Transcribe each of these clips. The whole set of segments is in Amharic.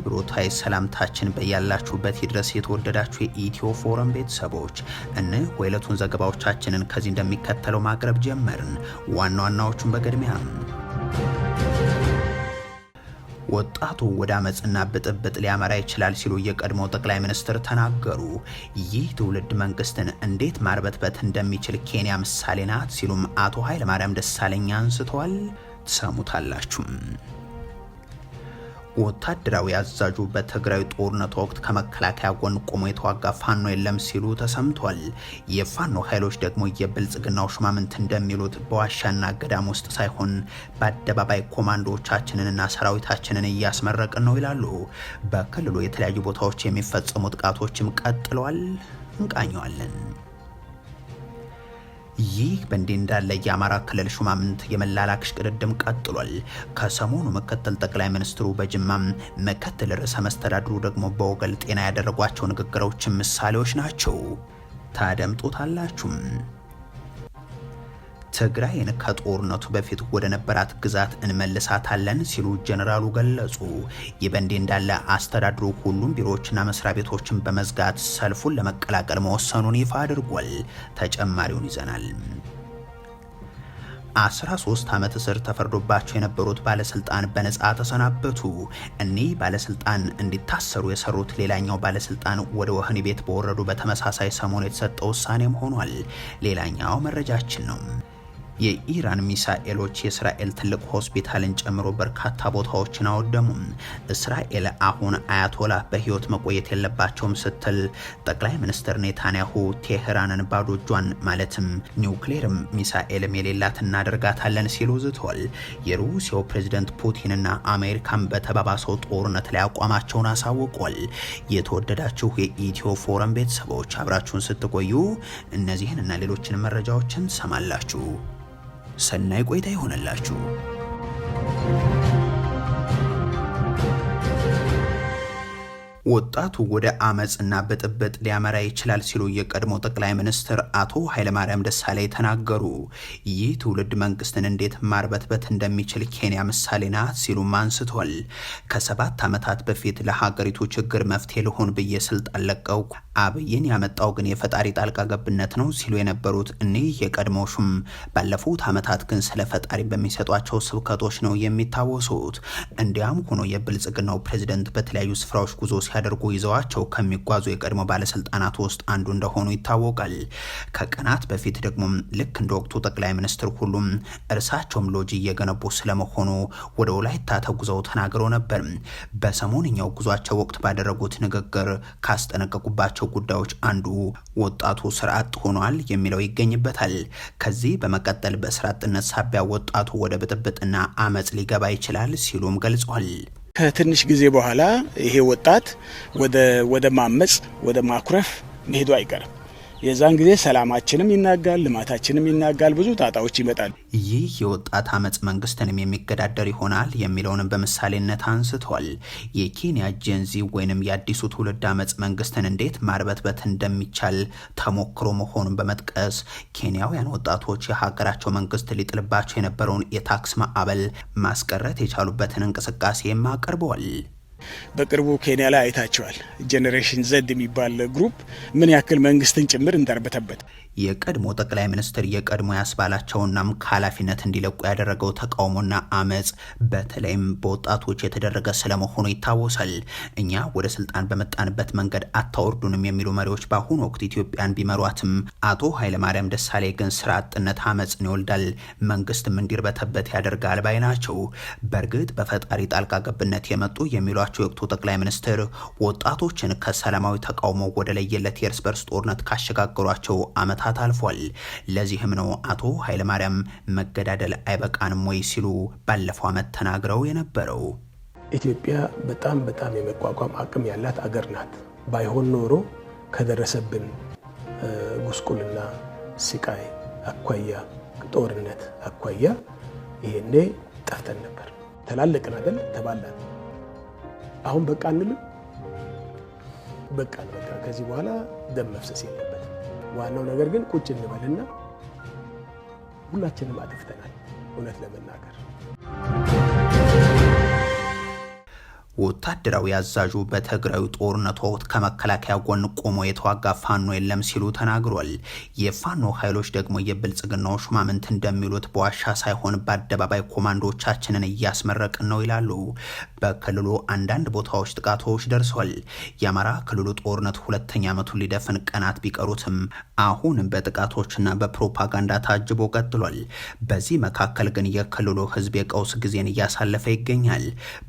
አክብሮታዊ ሰላምታችን በያላችሁበት ይድረስ። የተወደዳችሁ የኢትዮ ፎረም ቤተሰቦች እነሆ ወይለቱን ዘገባዎቻችንን ከዚህ እንደሚከተለው ማቅረብ ጀመርን። ዋና ዋናዎቹን በቅድሚያ ወጣቱ ወደ አመፅና ብጥብጥ ሊያመራ ይችላል ሲሉ የቀድሞው ጠቅላይ ሚኒስትር ተናገሩ። ይህ ትውልድ መንግስትን እንዴት ማርበትበት እንደሚችል ኬንያ ምሳሌ ናት ሲሉም አቶ ኃይለማርያም ደሳለኝ አንስተዋል። ትሰሙታላችሁም። ወታደራዊ አዛዡ በትግራይ ጦርነት ወቅት ከመከላከያ ጎን ቆሞ የተዋጋ ፋኖ የለም ሲሉ ተሰምቷል። የፋኖ ኃይሎች ደግሞ የብልጽግናው ሹማምንት እንደሚሉት በዋሻና ገዳም ውስጥ ሳይሆን በአደባባይ ኮማንዶዎቻችንንና ሰራዊታችንን እያስመረቅን ነው ይላሉ። በክልሉ የተለያዩ ቦታዎች የሚፈጸሙ ጥቃቶችም ቀጥለዋል። እንቃኘዋለን። ይህ በእንዲህ እንዳለ የአማራ ክልል ሹማምንት የመላላክ ሽቅድድም ቀጥሏል። ከሰሞኑ ምክትል ጠቅላይ ሚኒስትሩ በጅማም ምክትል ርዕሰ መስተዳድሩ ደግሞ በወገል ጤና ያደረጓቸው ንግግሮች ምሳሌዎች ናቸው። ታደምጡታላችሁም። ትግራይን ከጦርነቱ በፊት ወደ ነበራት ግዛት እንመልሳታለን ሲሉ ጀኔራሉ ገለጹ። ይህ በእንዲህ እንዳለ አስተዳድሩ ሁሉም ቢሮዎችና መስሪያ ቤቶችን በመዝጋት ሰልፉን ለመቀላቀል መወሰኑን ይፋ አድርጓል። ተጨማሪውን ይዘናል። 13 ዓመት እስር ተፈርዶባቸው የነበሩት ባለስልጣን በነፃ ተሰናበቱ። እኒህ ባለስልጣን እንዲታሰሩ የሰሩት ሌላኛው ባለስልጣን ወደ ወህኒ ቤት በወረዱ በተመሳሳይ ሰሞኑ የተሰጠ ውሳኔም ሆኗል። ሌላኛው መረጃችን ነው። የኢራን ሚሳኤሎች የእስራኤል ትልቅ ሆስፒታልን ጨምሮ በርካታ ቦታዎችን አወደሙም። እስራኤል አሁን አያቶላ በህይወት መቆየት የለባቸውም ስትል ጠቅላይ ሚኒስትር ኔታንያሁ ቴህራንን ባዶ እጇን ማለትም ኒውክሌርም ሚሳኤልም የሌላት እናደርጋታለን ሲሉ ዝቷል። የሩሲያው ፕሬዝደንት ፑቲንና አሜሪካን በተባባሰው ጦርነት ላይ አቋማቸውን አሳውቋል። የተወደዳችሁ የኢትዮ ፎረም ቤተሰቦች አብራችሁን ስትቆዩ እነዚህን እና ሌሎችን መረጃዎችን ሰማላችሁ። ሰናይ ቆይታ ይሆነላችሁ። ወጣቱ ወደ አመፅና ብጥብጥ ሊያመራ ይችላል ሲሉ የቀድሞ ጠቅላይ ሚኒስትር አቶ ኃይለማርያም ደሳለኝ ተናገሩ። ይህ ትውልድ መንግስትን እንዴት ማርበትበት እንደሚችል ኬንያ ምሳሌ ናት ሲሉም አንስቷል። ከሰባት ዓመታት በፊት ለሀገሪቱ ችግር መፍትሄ ልሆን ብዬ ስልጣን ለቀው አብይን ያመጣው ግን የፈጣሪ ጣልቃ ገብነት ነው ሲሉ የነበሩት እኒህ የቀድሞ ሹም ባለፉት ዓመታት ግን ስለ ፈጣሪ በሚሰጧቸው ስብከቶች ነው የሚታወሱት። እንዲያም ሆኖ የብልጽግናው ፕሬዚደንት በተለያዩ ስፍራዎች ጉዞ ሲያደርጉ ይዘዋቸው ከሚጓዙ የቀድሞ ባለስልጣናት ውስጥ አንዱ እንደሆኑ ይታወቃል። ከቀናት በፊት ደግሞ ልክ እንደ ወቅቱ ጠቅላይ ሚኒስትር ሁሉም እርሳቸውም ሎጂ እየገነቡ ስለመሆኑ ወደ ወላይታ ተጉዘው ተናግረው ነበር። በሰሞንኛው ጉዟቸው ወቅት ባደረጉት ንግግር ካስጠነቀቁባቸው ከሚያደርጋቸው ጉዳዮች አንዱ ወጣቱ ስራ አጥ ሆኗል የሚለው ይገኝበታል። ከዚህ በመቀጠል በስራ አጥነት ሳቢያ ወጣቱ ወደ ብጥብጥና አመፅ ሊገባ ይችላል ሲሉም ገልጿል። ከትንሽ ጊዜ በኋላ ይሄ ወጣት ወደ ማመፅ ወደ ማኩረፍ መሄዱ አይቀርም። የዛን ጊዜ ሰላማችንም ይናጋል፣ ልማታችንም ይናጋል፣ ብዙ ጣጣዎች ይመጣል። ይህ የወጣት አመፅ መንግስትንም የሚገዳደር ይሆናል የሚለውንም በምሳሌነት አንስቷል። የኬንያ ጄንዚ ወይንም የአዲሱ ትውልድ አመፅ መንግስትን እንዴት ማርበትበት እንደሚቻል ተሞክሮ መሆኑን በመጥቀስ ኬንያውያን ወጣቶች የሀገራቸው መንግስት ሊጥልባቸው የነበረውን የታክስ ማዕበል ማስቀረት የቻሉበትን እንቅስቃሴም አቅርበዋል። በቅርቡ ኬንያ ላይ አይታቸዋል። ጄኔሬሽን ዘድ የሚባል ግሩፕ ምን ያክል መንግስትን ጭምር እንዳርበተበት የቀድሞ ጠቅላይ ሚኒስትር የቀድሞ ያስባላቸውናም ከኃላፊነት እንዲለቁ ያደረገው ተቃውሞና አመፅ በተለይም በወጣቶች የተደረገ ስለመሆኑ ይታወሳል። እኛ ወደ ስልጣን በመጣንበት መንገድ አታወርዱንም የሚሉ መሪዎች በአሁኑ ወቅት ኢትዮጵያን ቢመሯትም አቶ ኃይለማርያም ደሳሌ ግን ስራ አጥነት አመፅን ይወልዳል፣ መንግስትም እንዲርበተበት ያደርጋል ባይ ናቸው። በእርግጥ በፈጣሪ ጣልቃ ገብነት የመጡ የሚሏቸው የወቅቱ ጠቅላይ ሚኒስትር ወጣቶችን ከሰላማዊ ተቃውሞ ወደ ለየለት የእርስ በርስ ጦርነት ካሸጋገሯቸው አመታት ዓመታት አልፏል። ለዚህም ነው አቶ ኃይለማርያም መገዳደል አይበቃንም ወይ ሲሉ ባለፈው ዓመት ተናግረው የነበረው። ኢትዮጵያ በጣም በጣም የመቋቋም አቅም ያላት አገር ናት። ባይሆን ኖሮ ከደረሰብን ጉስቁልና፣ ስቃይ አኳያ፣ ጦርነት አኳያ ይሄኔ ጠፍተን ነበር። ተላለቅን አይደል? ተባላት። አሁን በቃ እንልም በቃ በቃ ከዚህ በኋላ ደም መፍሰስ የለም። ዋናው ነገር ግን ቁጭ እንበልና ሁላችንም አጥፍተናል እውነት ለመናገር ወታደራዊ አዛዡ በትግራዩ ጦርነት ወቅት ከመከላከያ ጎን ቆሞ የተዋጋ ፋኖ የለም ሲሉ ተናግሯል። የፋኖ ኃይሎች ደግሞ የብልጽግናው ሹማምንት እንደሚሉት በዋሻ ሳይሆን በአደባባይ ኮማንዶቻችንን እያስመረቅን ነው ይላሉ። በክልሉ አንዳንድ ቦታዎች ጥቃቶች ደርሷል። የአማራ ክልሉ ጦርነት ሁለተኛ ዓመቱን ሊደፍን ቀናት ቢቀሩትም አሁን በጥቃቶችና በፕሮፓጋንዳ ታጅቦ ቀጥሏል። በዚህ መካከል ግን የክልሉ ህዝብ የቀውስ ጊዜን እያሳለፈ ይገኛል።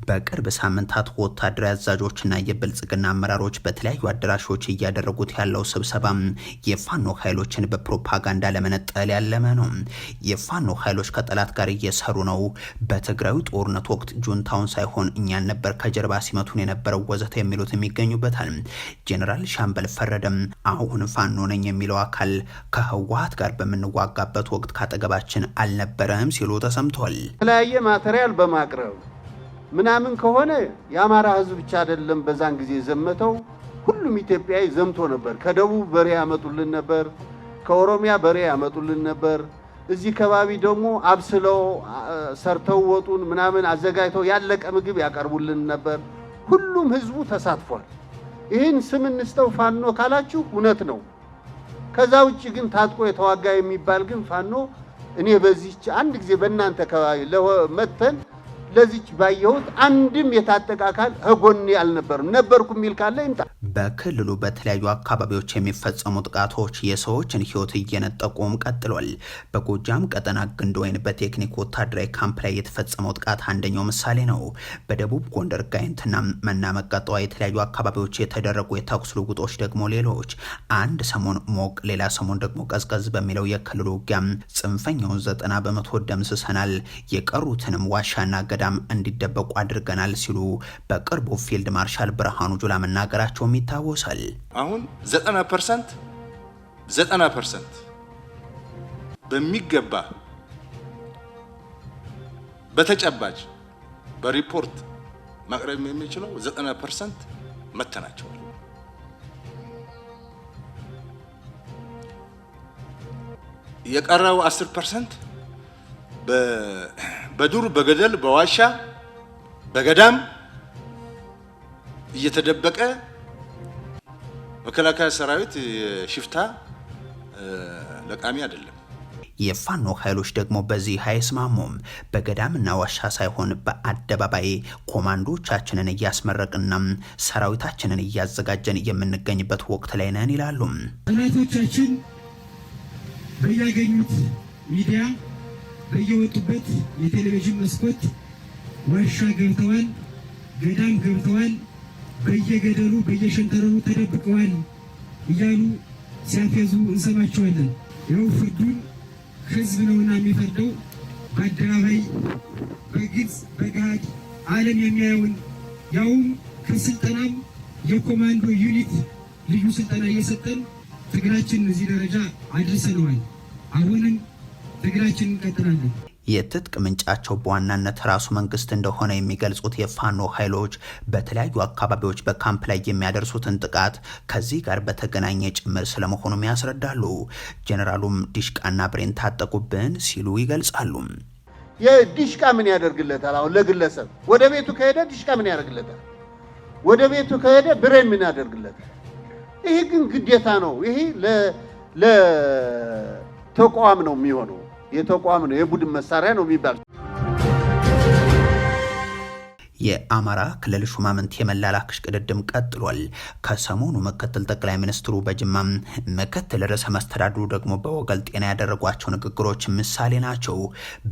በቅርብ ሳምንት ሰዓታት ወታደራዊ አዛዦችና የብልጽግና አመራሮች በተለያዩ አዳራሾች እያደረጉት ያለው ስብሰባ የፋኖ ኃይሎችን በፕሮፓጋንዳ ለመነጠል ያለመ ነው። የፋኖ ኃይሎች ከጠላት ጋር እየሰሩ ነው፣ በትግራዩ ጦርነት ወቅት ጁንታውን ሳይሆን እኛን ነበር ከጀርባ ሲመቱን የነበረው ወዘተ የሚሉት ይገኙበታል። ጄኔራል ሻምበል ፈረደም አሁን ፋኖ ነኝ የሚለው አካል ከህወሀት ጋር በምንዋጋበት ወቅት ካጠገባችን አልነበረም ሲሉ ተሰምቷል። የተለያየ ማቴሪያል በማቅረብ ምናምን ከሆነ የአማራ ህዝብ ብቻ አይደለም በዛን ጊዜ ዘመተው፣ ሁሉም ኢትዮጵያዊ ዘምቶ ነበር። ከደቡብ በሬ ያመጡልን ነበር፣ ከኦሮሚያ በሬ ያመጡልን ነበር። እዚህ ከባቢ ደግሞ አብስለው ሰርተው ወጡን ምናምን አዘጋጅተው ያለቀ ምግብ ያቀርቡልን ነበር። ሁሉም ህዝቡ ተሳትፏል። ይህን ስም እንስጠው ፋኖ ካላችሁ እውነት ነው። ከዛ ውጭ ግን ታጥቆ የተዋጋ የሚባል ግን ፋኖ እኔ በዚህች አንድ ጊዜ በእናንተ ከባቢ መተን ለዚች ባየሁት አንድም የታጠቀ አካል ህጎኔ አልነበርም። ነበርኩ የሚል ካለ ይምጣ። በክልሉ በተለያዩ አካባቢዎች የሚፈጸሙ ጥቃቶች የሰዎችን ህይወት እየነጠቁም ቀጥሏል። በጎጃም ቀጠና ግንድ ወይን በቴክኒክ ወታደራዊ ካምፕ ላይ የተፈጸመው ጥቃት አንደኛው ምሳሌ ነው። በደቡብ ጎንደር ጋይንትና መና መቀጠዋ የተለያዩ አካባቢዎች የተደረጉ የተኩስ ልውውጦች ደግሞ ሌሎች። አንድ ሰሞን ሞቅ፣ ሌላ ሰሞን ደግሞ ቀዝቀዝ በሚለው የክልሉ ውጊያም ጽንፈኛውን ዘጠና በመቶ ደምስሰናል የቀሩትንም ዋሻና ገዳም እንዲደበቁ አድርገናል ሲሉ በቅርቡ ፊልድ ማርሻል ብርሃኑ ጁላ መናገራቸውም ይታወሳል። አሁን 90 ፐርሰንት 90 ፐርሰንት በሚገባ በተጨባጭ በሪፖርት ማቅረብ የሚችለው 90 ፐርሰንት መተናቸዋል። የቀረው 10 ፐርሰንት በዱር በገደል በዋሻ በገዳም እየተደበቀ መከላከያ ሰራዊት ሽፍታ ለቃሚ አይደለም። የፋኖ ኃይሎች ደግሞ በዚህ አይስማሙም። በገዳምና ዋሻ ሳይሆን በአደባባይ ኮማንዶቻችንን እያስመረቅና ሰራዊታችንን እያዘጋጀን የምንገኝበት ወቅት ላይ ነን ይላሉ እናቶቻችን በያገኙት ሚዲያ በየወጡበት የቴሌቪዥን መስኮት ዋሻ ገብተዋል፣ ገዳም ገብተዋል፣ በየገደሉ በየሸንተረሩ ተደብቀዋል እያሉ ሲያፌዙ እንሰማቸዋለን። ይኸው ፍርዱን ህዝብ ነውና የሚፈርደው በአደባባይ በግልጽ በገሃድ ዓለም የሚያየውን ያውም ከስልጠናም የኮማንዶ ዩኒት ልዩ ስልጠና እየሰጠን ትግላችንን እዚህ ደረጃ አድርሰነዋል። አሁንም ትግራችን እንቀጥላለን። የትጥቅ ምንጫቸው በዋናነት ራሱ መንግስት እንደሆነ የሚገልጹት የፋኖ ኃይሎች በተለያዩ አካባቢዎች በካምፕ ላይ የሚያደርሱትን ጥቃት ከዚህ ጋር በተገናኘ ጭምር ስለመሆኑም ያስረዳሉ። ጀኔራሉም ዲሽቃና ብሬን ታጠቁብን ሲሉ ይገልጻሉ። የዲሽቃ ምን ያደርግለታል? አሁን ለግለሰብ ወደ ቤቱ ከሄደ ዲሽቃ ምን ያደርግለታል? ወደ ቤቱ ከሄደ ብሬን ምን ያደርግለታል? ይህ ግን ግዴታ ነው። ይሄ ለተቋም ነው የሚሆነው የተቋም ነው የቡድን መሳሪያ ነው የሚባል የአማራ ክልል ሹማምንት የመላላክ ሽቅድድም ቀጥሏል። ከሰሞኑ ምክትል ጠቅላይ ሚኒስትሩ በጅማ ምክትል ርዕሰ መስተዳድሩ ደግሞ በወገል ጤና ያደረጓቸው ንግግሮች ምሳሌ ናቸው።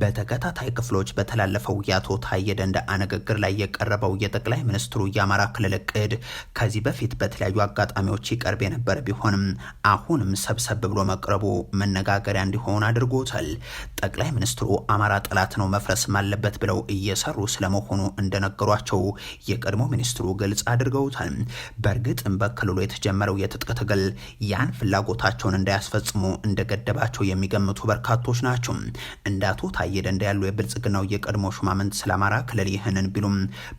በተከታታይ ክፍሎች በተላለፈው የአቶ ታዬ ደንደአ ንግግር ላይ የቀረበው የጠቅላይ ሚኒስትሩ የአማራ ክልል እቅድ ከዚህ በፊት በተለያዩ አጋጣሚዎች ይቀርብ የነበረ ቢሆንም አሁንም ሰብሰብ ብሎ መቅረቡ መነጋገሪያ እንዲሆን አድርጎታል። ጠቅላይ ሚኒስትሩ አማራ ጠላት ነው መፍረስም አለበት ብለው እየሰሩ ስለመሆኑ እንደነ እንዳነጋገሯቸው የቀድሞ ሚኒስትሩ ግልጽ አድርገውታል። በእርግጥም በክልሉ የተጀመረው የትጥቅ ትግል ያን ፍላጎታቸውን እንዳያስፈጽሙ እንደገደባቸው የሚገምቱ በርካቶች ናቸው። እንደ አቶ ታዬ ደንዳ ያሉ የብልጽግናው የቀድሞ ሹማምንት ስለ አማራ ክልል ይህንን ቢሉም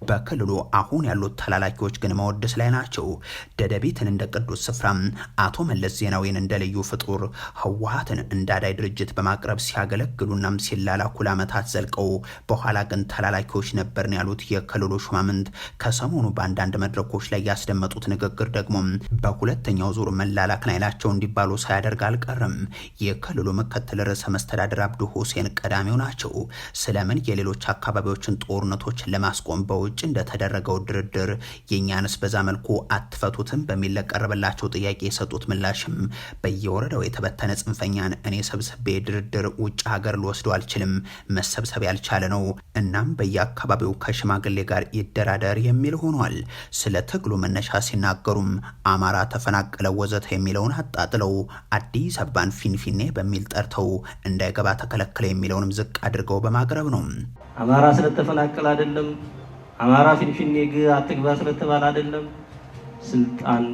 በክልሉ አሁን ያሉት ተላላኪዎች ግን መወደስ ላይ ናቸው። ደደቢትን እንደ ቅዱስ ስፍራ አቶ መለስ ዜናዊን እንደ ልዩ ፍጡር፣ ህወሀትን እንዳዳይ ድርጅት በማቅረብ ሲያገለግሉናም ሲላላኩ ለዓመታት ዘልቀው በኋላ ግን ተላላኪዎች ነበርን ያሉት ክልሉ ሹማምንት ከሰሞኑ በአንዳንድ መድረኮች ላይ ያስደመጡት ንግግር ደግሞ በሁለተኛው ዙር መላላክን አይላቸው እንዲባሉ ሳያደርግ አልቀርም። የክልሉ ምክትል ርዕሰ መስተዳድር አብዱ ሁሴን ቀዳሚው ናቸው። ስለምን የሌሎች አካባቢዎችን ጦርነቶችን ለማስቆም በውጭ እንደተደረገው ድርድር የእኛንስ በዛ መልኩ አትፈቱትም በሚል ለቀረበላቸው ጥያቄ የሰጡት ምላሽም በየወረዳው የተበተነ ጽንፈኛን እኔ ሰብስቤ ድርድር ውጭ ሀገር ልወስደው አልችልም መሰብሰብ ያልቻለ ነው። እናም በየአካባቢው ከሽማግሌ ከሽማግሌ ጋር ይደራደር የሚል ሆኗል። ስለ ትግሉ መነሻ ሲናገሩም አማራ ተፈናቀለ ወዘተ የሚለውን አጣጥለው አዲስ አበባን ፊንፊኔ በሚል ጠርተው እንዳይገባ ተከለከለ የሚለውንም ዝቅ አድርገው በማቅረብ ነው። አማራ ስለተፈናቀለ አይደለም፣ አማራ ፊንፊኔ ግ አትግባ ስለተባለ አይደለም፣ ስልጣን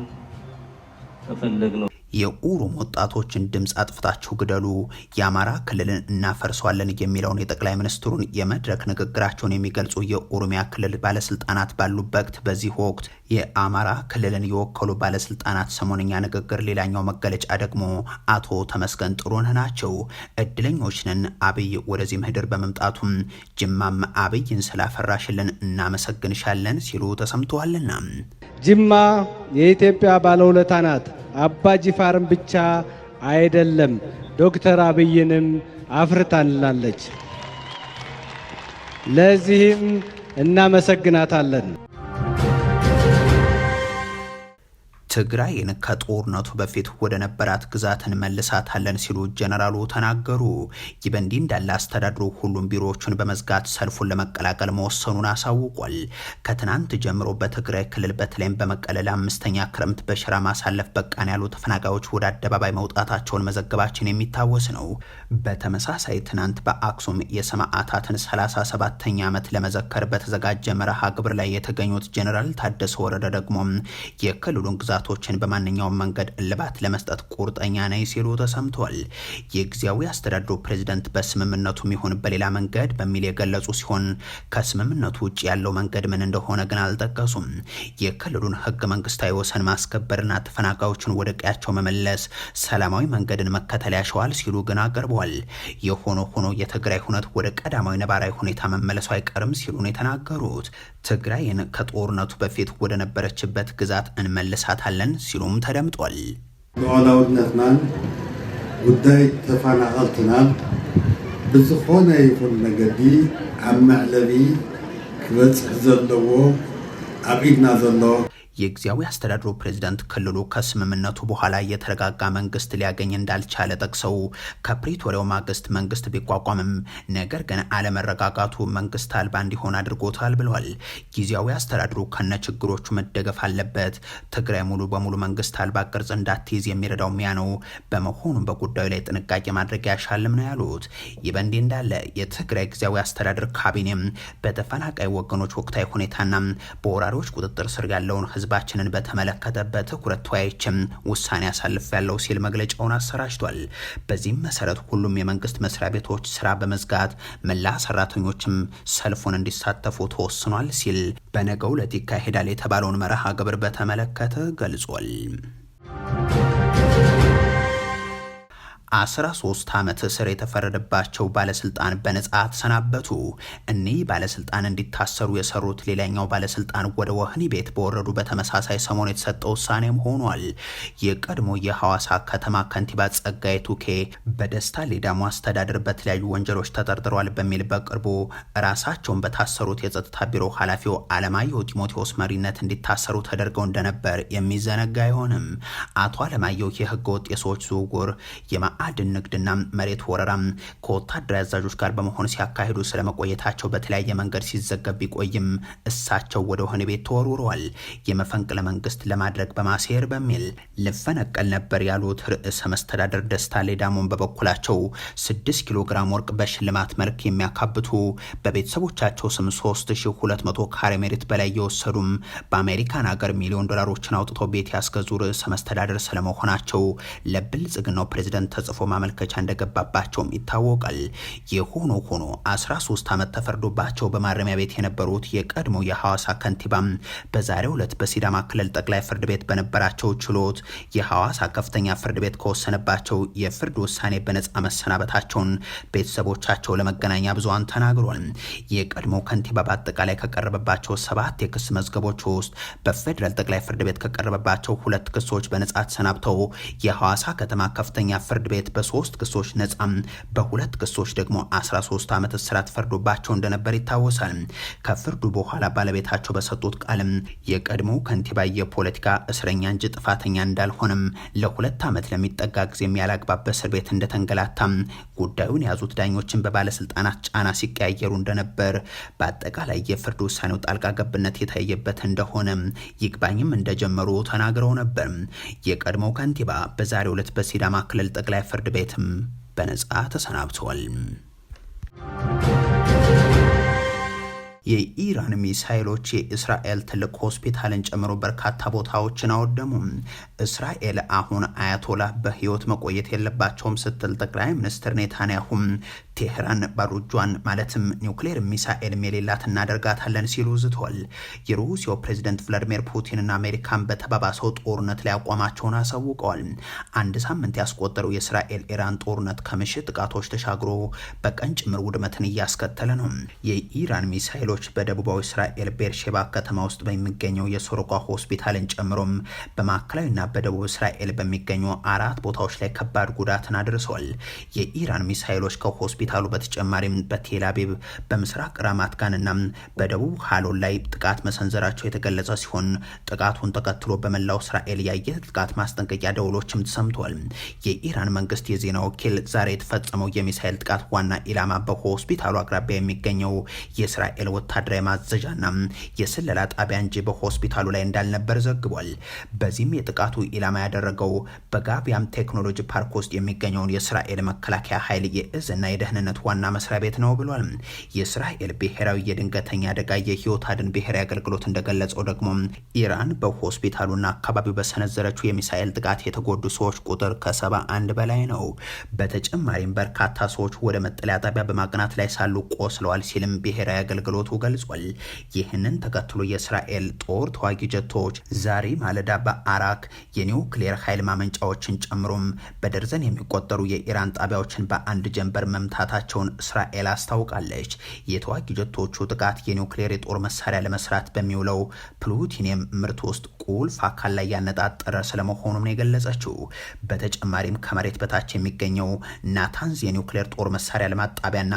ተፈለግ ነው። የኦሮሞ ወጣቶችን ድምፅ አጥፍታችሁ ግደሉ፣ የአማራ ክልልን እናፈርሷለን የሚለውን የጠቅላይ ሚኒስትሩን የመድረክ ንግግራቸውን የሚገልጹ የኦሮሚያ ክልል ባለስልጣናት ባሉበት በዚህ ወቅት የአማራ ክልልን የወከሉ ባለስልጣናት ሰሞንኛ ንግግር ሌላኛው መገለጫ ደግሞ አቶ ተመስገን ጥሩነህ ናቸው። እድለኞች ነን አብይ ወደዚህ ምህድር በመምጣቱም ጅማም አብይን ስላፈራሽልን እናመሰግንሻለን ሲሉ ተሰምተዋልና ጅማ የኢትዮጵያ ባለውለታ ናት። አባ ጅፋ አፋርን ብቻ አይደለም ዶክተር አብይንም አፍርታንላለች። ለዚህም እናመሰግናታለን። ትግራይን ከጦርነቱ በፊት ወደ ነበራት ግዛት እንመልሳታለን ሲሉ ጀነራሉ ተናገሩ። ይህ በእንዲህ እንዳለ አስተዳድሩ ሁሉም ቢሮዎቹን በመዝጋት ሰልፉን ለመቀላቀል መወሰኑን አሳውቋል። ከትናንት ጀምሮ በትግራይ ክልል በተለይም በመቀለል አምስተኛ ክረምት በሽራ ማሳለፍ በቃን ያሉ ተፈናቃዮች ወደ አደባባይ መውጣታቸውን መዘገባችን የሚታወስ ነው። በተመሳሳይ ትናንት በአክሱም የሰማዕታትን 37 ተኛ ዓመት ለመዘከር በተዘጋጀ መርሃ ግብር ላይ የተገኙት ጀነራል ታደሰ ወረደ ደግሞ የክልሉን ግዛት ጥቃቶችን በማንኛውም መንገድ እልባት ለመስጠት ቁርጠኛ ነኝ ሲሉ ተሰምቷል። የጊዜያዊ አስተዳደሩ ፕሬዚደንት በስምምነቱም ይሁን በሌላ መንገድ በሚል የገለጹ ሲሆን ከስምምነቱ ውጭ ያለው መንገድ ምን እንደሆነ ግን አልጠቀሱም። የክልሉን ህገ መንግስታዊ ወሰን ማስከበርና ተፈናቃዮችን ወደ ቀያቸው መመለስ ሰላማዊ መንገድን መከተል ያሸዋል ሲሉ ግን አቅርበዋል። የሆነ ሆኖ የትግራይ ሁነት ወደ ቀዳማዊ ነባራዊ ሁኔታ መመለሱ አይቀርም ሲሉ ነው የተናገሩት። ትግራይን ከጦርነቱ በፊት ወደ ነበረችበት ግዛት እንመልሳታለን ሲሉም ተደምጧል። ሉዓላውነትናን ጉዳይ ተፈናቀልትናን ብዝኾነ ይኹን መገዲ ኣብ መዕለቢ ክበፅሕ ዘለዎ ኣብ ኢድና ዘሎ የጊዜያዊ አስተዳድሮ ፕሬዚዳንት ክልሉ ከስምምነቱ በኋላ የተረጋጋ መንግስት ሊያገኝ እንዳልቻለ ጠቅሰው ከፕሪቶሪያው ማግስት መንግስት ቢቋቋምም ነገር ግን አለመረጋጋቱ መንግስት አልባ እንዲሆን አድርጎታል ብለዋል። ጊዜያዊ አስተዳደሩ ከነ ችግሮቹ መደገፍ አለበት። ትግራይ ሙሉ በሙሉ መንግስት አልባ ቅርጽ እንዳትይዝ የሚረዳው ሚያ ነው። በመሆኑም በጉዳዩ ላይ ጥንቃቄ ማድረግ ያሻልም ነው ያሉት። ይህ በእንዲህ እንዳለ የትግራይ ጊዜያዊ አስተዳደር ካቢኔም በተፈናቃይ ወገኖች ወቅታዊ ሁኔታና በወራሪዎች ቁጥጥር ስር ያለውን ህዝባችንን በተመለከተ በትኩረት ተወያይችም ውሳኔ አሳልፍ ያለው ሲል መግለጫውን አሰራጅቷል። በዚህም መሰረት ሁሉም የመንግስት መስሪያ ቤቶች ስራ በመዝጋት መላ ሰራተኞችም ሰልፉን እንዲሳተፉ ተወስኗል ሲል በነገው ዕለት ይካሄዳል የተባለውን መርሃ ግብር በተመለከተ ገልጿል። 13 ዓመት እስር የተፈረደባቸው ባለስልጣን በነጻ ተሰናበቱ። እኒህ ባለስልጣን እንዲታሰሩ የሰሩት ሌላኛው ባለስልጣን ወደ ወህኒ ቤት በወረዱ በተመሳሳይ ሰሞን የተሰጠ ውሳኔም ሆኗል። የቀድሞ የሐዋሳ ከተማ ከንቲባ ጸጋዬ ቱኬ በደስታ ሌዳሞ አስተዳደር በተለያዩ ወንጀሎች ተጠርጥረዋል በሚል በቅርቡ ራሳቸውን በታሰሩት የጸጥታ ቢሮ ኃላፊው አለማየሁ ጢሞቴዎስ መሪነት እንዲታሰሩ ተደርገው እንደነበር የሚዘነጋ አይሆንም። አቶ አለማየሁ የህገወጥ የሰዎች ዝውውር የማዕድን ንግድና መሬት ወረራ ከወታደራዊ አዛዦች ጋር በመሆን ሲያካሂዱ ስለመቆየታቸው በተለያየ መንገድ ሲዘገብ ቢቆይም እሳቸው ወደ ሆነ ቤት ተወርውረዋል። የመፈንቅለ መንግስት ለማድረግ በማሴር በሚል ልፈነቀል ነበር ያሉት ርዕሰ መስተዳደር ደስታ ሌዳሞን በበኩላቸው ስድስት ኪሎ ግራም ወርቅ በሽልማት መልክ የሚያካብቱ በቤተሰቦቻቸው ስም 3200 ካሬ መሬት በላይ የወሰዱም በአሜሪካን ሀገር ሚሊዮን ዶላሮችን አውጥተው ቤት ያስገዙ ርዕሰ መስተዳደር ስለመሆናቸው ለብልጽግናው ፕሬዚደንት ተጽፎ ጽፎ ማመልከቻ እንደገባባቸውም ይታወቃል። የሆኖ ሆኖ 13 ዓመት ተፈርዶባቸው በማረሚያ ቤት የነበሩት የቀድሞ የሐዋሳ ከንቲባም በዛሬው ዕለት በሲዳማ ክልል ጠቅላይ ፍርድ ቤት በነበራቸው ችሎት የሐዋሳ ከፍተኛ ፍርድ ቤት ከወሰነባቸው የፍርድ ውሳኔ በነፃ መሰናበታቸውን ቤተሰቦቻቸው ለመገናኛ ብዙሃን ተናግሯል። የቀድሞ ከንቲባ በአጠቃላይ ከቀረበባቸው ሰባት የክስ መዝገቦች ውስጥ በፌዴራል ጠቅላይ ፍርድ ቤት ከቀረበባቸው ሁለት ክሶች በነጻ ተሰናብተው የሐዋሳ ከተማ ከፍተኛ ፍርድ ቤት በሶስት ክሶች ነጻ፣ በሁለት ክሶች ደግሞ 13 ዓመት እስራት ፈርዶባቸው እንደነበር ይታወሳል። ከፍርዱ በኋላ ባለቤታቸው በሰጡት ቃልም የቀድሞ ከንቲባ የፖለቲካ እስረኛ እንጂ ጥፋተኛ እንዳልሆነም ለሁለት ዓመት ለሚጠጋ ጊዜም ያላግባብ በእስር ቤት እንደተንገላታ ጉዳዩን የያዙት ዳኞችን በባለስልጣናት ጫና ሲቀያየሩ እንደነበር በአጠቃላይ የፍርድ ውሳኔው ጣልቃ ገብነት የታየበት እንደሆነ ይግባኝም እንደጀመሩ ተናግረው ነበር። የቀድሞው ከንቲባ በዛሬው ዕለት በሲዳማ ክልል ጠቅላይ ፍርድ ቤትም በነጻ ተሰናብተዋል። የኢራን ሚሳይሎች የእስራኤል ትልቅ ሆስፒታልን ጨምሮ በርካታ ቦታዎችን አወደሙ። እስራኤል አሁን አያቶላ በህይወት መቆየት የለባቸውም ስትል ጠቅላይ ሚኒስትር ኔታንያሁም ቴህራን ባሩጇን ማለትም ኒውክሌር ሚሳኤልም የሌላት እናደርጋታለን ሲሉ ዝቷል። የሩሲያው ፕሬዚደንት ቭላዲሚር ፑቲንና አሜሪካን በተባባሰው ጦርነት ላይ አቋማቸውን አሳውቀዋል። አንድ ሳምንት ያስቆጠረው የእስራኤል ኢራን ጦርነት ከምሽት ጥቃቶች ተሻግሮ በቀን ጭምር ውድመትን እያስከተለ ነው። የኢራን ሚሳይሎ ኃይሎች በደቡባዊ እስራኤል ቤርሼባ ከተማ ውስጥ በሚገኘው የሶሮቋ ሆስፒታልን ጨምሮም በማዕከላዊና በደቡብ እስራኤል በሚገኙ አራት ቦታዎች ላይ ከባድ ጉዳትን አድርሰዋል። የኢራን ሚሳይሎች ከሆስፒታሉ በተጨማሪም በቴልአቪቭ በምስራቅ ራማት ጋንና በደቡብ ሀሎን ላይ ጥቃት መሰንዘራቸው የተገለጸ ሲሆን ጥቃቱን ተከትሎ በመላው እስራኤል የአየር ጥቃት ማስጠንቀቂያ ደውሎችም ተሰምተዋል። የኢራን መንግስት የዜና ወኪል ዛሬ የተፈጸመው የሚሳይል ጥቃት ዋና ኢላማ በሆስፒታሉ አቅራቢያ የሚገኘው የእስራኤል ወታደራዊ ማዘዣና የስለላ ጣቢያ እንጂ በሆስፒታሉ ላይ እንዳልነበር ዘግቧል። በዚህም የጥቃቱ ኢላማ ያደረገው በጋቢያም ቴክኖሎጂ ፓርክ ውስጥ የሚገኘውን የእስራኤል መከላከያ ኃይል የእዝና የደህንነት ዋና መስሪያ ቤት ነው ብሏል። የእስራኤል ብሔራዊ የድንገተኛ አደጋ የህይወት አድን ብሔራዊ አገልግሎት እንደገለጸው ደግሞ ኢራን በሆስፒታሉና አካባቢው በሰነዘረችው የሚሳኤል ጥቃት የተጎዱ ሰዎች ቁጥር ከሰባ አንድ በላይ ነው። በተጨማሪም በርካታ ሰዎች ወደ መጠለያ ጣቢያ በማቅናት ላይ ሳሉ ቆስለዋል ሲልም ብሔራዊ አገልግሎቱ ገልጿል። ይህንን ተከትሎ የእስራኤል ጦር ተዋጊ ጀቶች ዛሬ ማለዳ በአራክ የኒውክሌር ኃይል ማመንጫዎችን ጨምሮም በደርዘን የሚቆጠሩ የኢራን ጣቢያዎችን በአንድ ጀንበር መምታታቸውን እስራኤል አስታውቃለች። የተዋጊ ጀቶቹ ጥቃት የኒውክሌር የጦር መሳሪያ ለመስራት በሚውለው ፕሉቲኒየም ምርት ውስጥ ቁልፍ አካል ላይ ያነጣጠረ ስለመሆኑም ነው የገለጸችው። በተጨማሪም ከመሬት በታች የሚገኘው ናታንዝ የኒውክሌር ጦር መሳሪያ ለማጣቢያና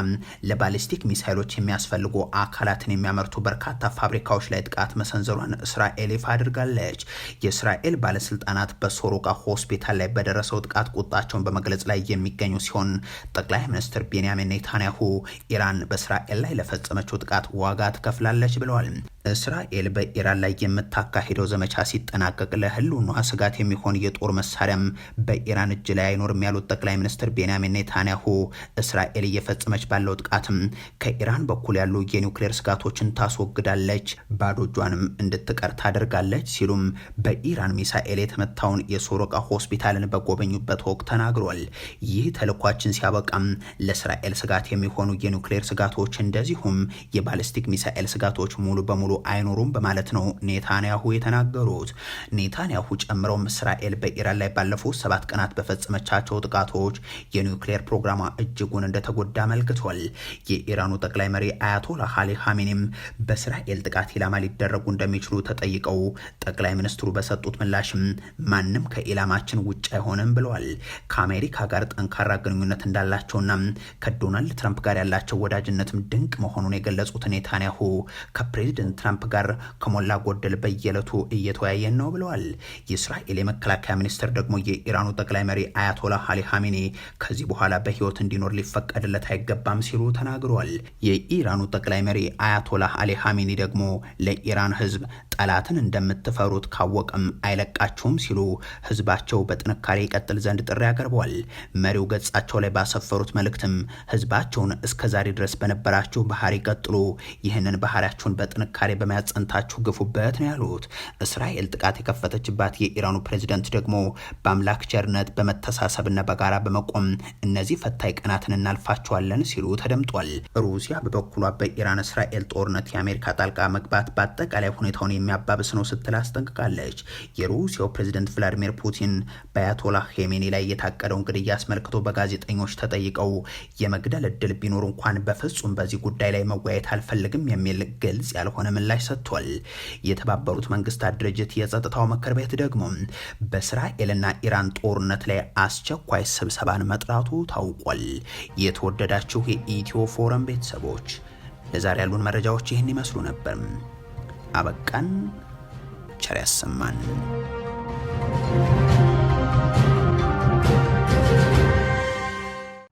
ለባሊስቲክ ሚሳይሎች የሚያስፈልጉ አካል አካላትን የሚያመርቱ በርካታ ፋብሪካዎች ላይ ጥቃት መሰንዘሯን እስራኤል ይፋ አድርጋለች። የእስራኤል ባለስልጣናት በሶሮቃ ሆስፒታል ላይ በደረሰው ጥቃት ቁጣቸውን በመግለጽ ላይ የሚገኙ ሲሆን ጠቅላይ ሚኒስትር ቤንያሚን ኔታንያሁ ኢራን በእስራኤል ላይ ለፈጸመችው ጥቃት ዋጋ ትከፍላለች ብለዋል። እስራኤል በኢራን ላይ የምታካሂደው ዘመቻ ሲጠናቀቅ ለህልውና ስጋት የሚሆን የጦር መሳሪያም በኢራን እጅ ላይ አይኖርም ያሉት ጠቅላይ ሚኒስትር ቤንያሚን ኔታንያሁ እስራኤል እየፈጸመች ባለው ጥቃትም ከኢራን በኩል ያሉ የኒውክሌር ስጋቶችን ታስወግዳለች፣ ባዶ እጇንም እንድትቀር ታደርጋለች ሲሉም በኢራን ሚሳኤል የተመታውን የሶሮቃ ሆስፒታልን በጎበኙበት ወቅት ተናግሯል። ይህ ተልኳችን ሲያበቃም ለእስራኤል ስጋት የሚሆኑ የኒውክሌር ስጋቶች እንደዚሁም የባለስቲክ ሚሳኤል ስጋቶች ሙሉ በሙሉ አይኖሩም በማለት ነው ኔታንያሁ የተናገሩት። ኔታንያሁ ጨምረውም እስራኤል በኢራን ላይ ባለፉት ሰባት ቀናት በፈጸመቻቸው ጥቃቶች የኒውክሌር ፕሮግራሟ እጅጉን እንደተጎዳ አመልክቷል። የኢራኑ ጠቅላይ መሪ አያቶላ ሀሊ ሀሜኒም በእስራኤል ጥቃት ኢላማ ሊደረጉ እንደሚችሉ ተጠይቀው ጠቅላይ ሚኒስትሩ በሰጡት ምላሽም ማንም ከኢላማችን ውጭ አይሆንም ብለዋል። ከአሜሪካ ጋር ጠንካራ ግንኙነት እንዳላቸውና ከዶናልድ ትራምፕ ጋር ያላቸው ወዳጅነትም ድንቅ መሆኑን የገለጹት ኔታንያሁ ከፕሬዚደንት ትራምፕ ጋር ከሞላ ጎደል በየዕለቱ እየተወያየን ነው ብለዋል። የእስራኤል የመከላከያ ሚኒስትር ደግሞ የኢራኑ ጠቅላይ መሪ አያቶላ አሊ ሀሜኔ ከዚህ በኋላ በህይወት እንዲኖር ሊፈቀድለት አይገባም ሲሉ ተናግረዋል። የኢራኑ ጠቅላይ መሪ አያቶላ አሊ ሀሜኔ ደግሞ ለኢራን ህዝብ ጠላትን እንደምትፈሩት ካወቅም አይለቃችሁም ሲሉ ህዝባቸው በጥንካሬ ይቀጥል ዘንድ ጥሪ አቅርበዋል። መሪው ገጻቸው ላይ ባሰፈሩት መልእክትም ህዝባቸውን እስከዛሬ ድረስ በነበራችሁ ባህሪ ቀጥሉ፣ ይህንን ባህሪያችሁን በጥንካሬ በማያጸንታችሁ ግፉበት ነው ያሉት። እስራኤል ጥቃት የከፈተችባት የኢራኑ ፕሬዚደንት ደግሞ በአምላክ ቸርነት በመተሳሰብና በጋራ በመቆም እነዚህ ፈታኝ ቀናትን እናልፋቸዋለን ሲሉ ተደምጧል። ሩሲያ በበኩሏ በኢራን እስራኤል ጦርነት የአሜሪካ ጣልቃ መግባት በአጠቃላይ ሁኔታውን የሚያባብስ ነው ስትል አስጠንቅቃለች። የሩሲያው ፕሬዚደንት ቭላዲሚር ፑቲን በአያቶላህ ሄሜኒ ላይ የታቀደውን ግድያ አስመልክቶ በጋዜጠኞች ተጠይቀው የመግደል እድል ቢኖር እንኳን በፍጹም በዚህ ጉዳይ ላይ መወያየት አልፈልግም የሚል ግልጽ ያልሆነ ምላሽ ሰጥቷል። የተባበሩት መንግስታት ድርጅት የጸጥታው ምክር ቤት ደግሞ በእስራኤልና ኢራን ጦርነት ላይ አስቸኳይ ስብሰባን መጥራቱ ታውቋል። የተወደዳችሁ የኢትዮ ፎረም ቤተሰቦች ለዛሬ ያሉን መረጃዎች ይህን ይመስሉ ነበር። አበቃን። ቸር ያሰማን።